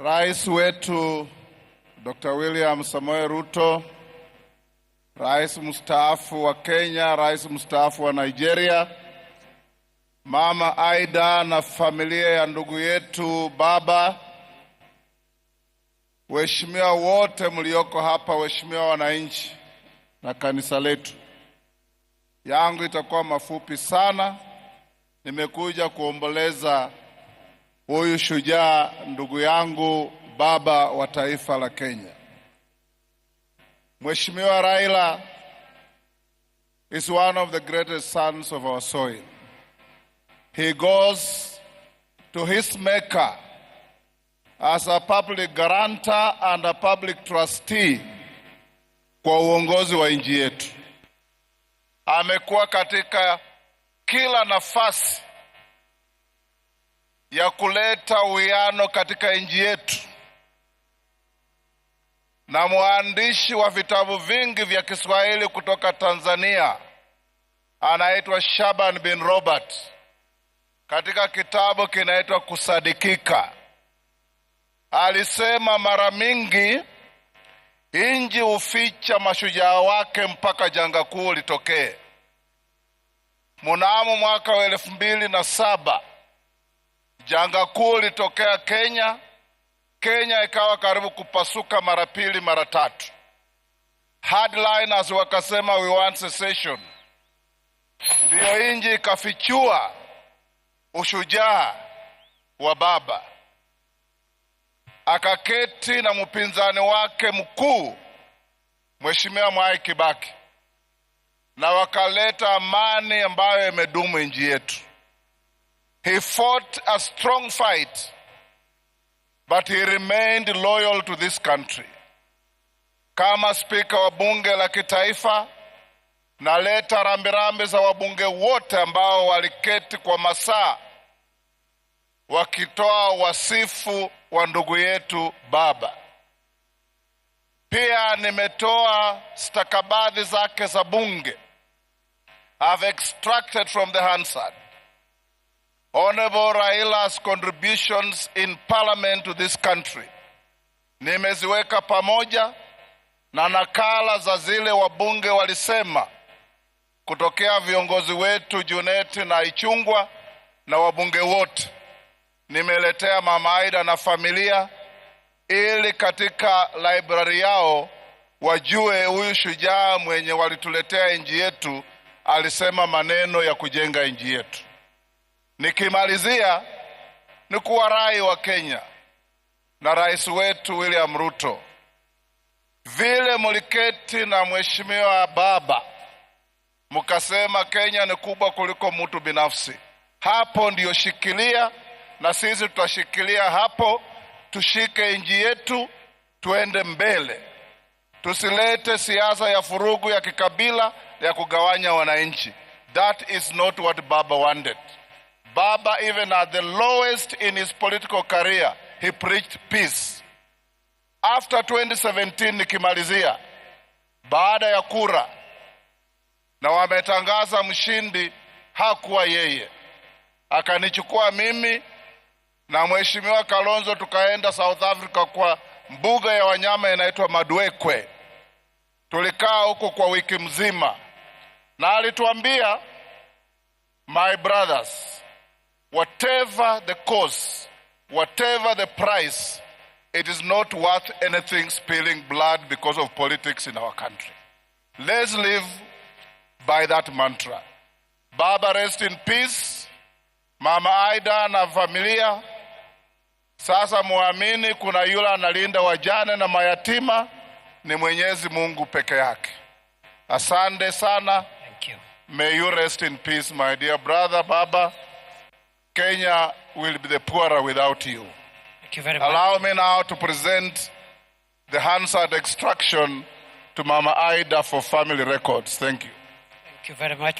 Rais wetu Dr. William Samoei Ruto, rais mstaafu wa Kenya, rais mstaafu wa Nigeria, Mama Aida na familia ya ndugu yetu baba, waheshimiwa wote mlioko hapa, waheshimiwa wananchi na kanisa letu, yangu itakuwa mafupi sana. Nimekuja kuomboleza huyu shujaa, ndugu yangu, baba wa taifa la Kenya, Mheshimiwa Raila is one of the greatest sons of our soil. He goes to his maker as a public guarantor and a public trustee kwa uongozi wa nchi yetu. Amekuwa katika kila nafasi ya kuleta uwiano katika nchi yetu, na mwandishi wa vitabu vingi vya Kiswahili kutoka Tanzania anaitwa Shaban bin Robert, katika kitabu kinaitwa Kusadikika, alisema mara mingi inji huficha mashujaa wake mpaka janga kuu litokee. Mnamo mwaka wa elfu mbili na saba Janga kuu litokea Kenya, Kenya ikawa karibu kupasuka mara pili mara tatu. Hardliners wakasema we want secession. Ndiyo inji ikafichua ushujaa wa baba, akaketi na mpinzani wake mkuu Mheshimiwa Mwai Kibaki na wakaleta amani ambayo imedumu nchi yetu. He fought a strong fight, but he remained loyal to this country. Kama spika wa bunge la kitaifa, naleta rambirambi za wabunge wote ambao waliketi kwa masaa wakitoa wasifu wa ndugu yetu baba. Pia nimetoa stakabadhi zake za bunge. I've extracted from the Hansard. Honorable Raila's contributions in parliament to this country nimeziweka pamoja na nakala za zile wabunge walisema kutokea viongozi wetu junet na Ichungwa na wabunge wote nimeletea Mama Aida na familia ili katika library yao wajue huyu shujaa mwenye walituletea nchi yetu alisema maneno ya kujenga nchi yetu. Nikimalizia ni kuwa rai wa Kenya na rais wetu William Ruto, vile mliketi na mheshimiwa baba mkasema Kenya ni kubwa kuliko mtu binafsi, hapo ndiyo shikilia, na sisi tutashikilia hapo. Tushike nchi yetu, tuende mbele, tusilete siasa ya furugu ya kikabila ya kugawanya wananchi. That is not what baba wanted. Baba, even at the lowest in his political career, he preached peace. After 2017 nikimalizia, baada ya kura na wametangaza mshindi, hakuwa yeye, akanichukua mimi na mheshimiwa Kalonzo tukaenda South Africa kwa mbuga ya wanyama inaitwa Madwekwe. Tulikaa huko kwa wiki mzima, na alituambia my brothers Whatever the cause, whatever the price, it is not worth anything spilling blood because of politics in our country. Let's live by that mantra. Baba, rest in peace. Mama Aida na familia. Sasa muamini kuna yule analinda wajane na mayatima ni Mwenyezi Mungu peke yake. Asante sana. Thank you. May you rest in peace, my dear brother Baba. Kenya will be the poorer without you. Thank you very much. Allow me now to present the Hansard extraction to Mama Ida for family records. Thank you. Thank you very much.